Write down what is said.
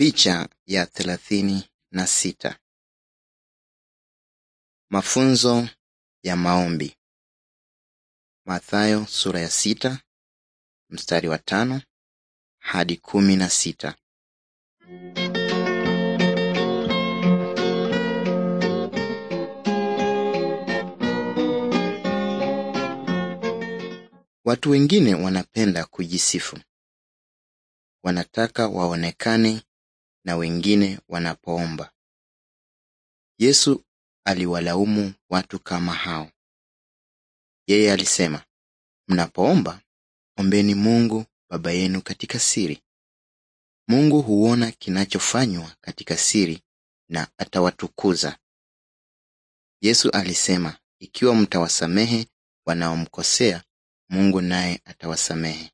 Picha ya thelathini na sita. Mafunzo ya maombi. Mathayo sura ya sita mstari wa tano hadi kumi na sita. Watu wengine wanapenda kujisifu. Wanataka waonekane na wengine wanapoomba. Yesu aliwalaumu watu kama hao. Yeye alisema, mnapoomba ombeni Mungu Baba yenu katika siri. Mungu huona kinachofanywa katika siri na atawatukuza. Yesu alisema, ikiwa mtawasamehe wanaomkosea, Mungu naye atawasamehe.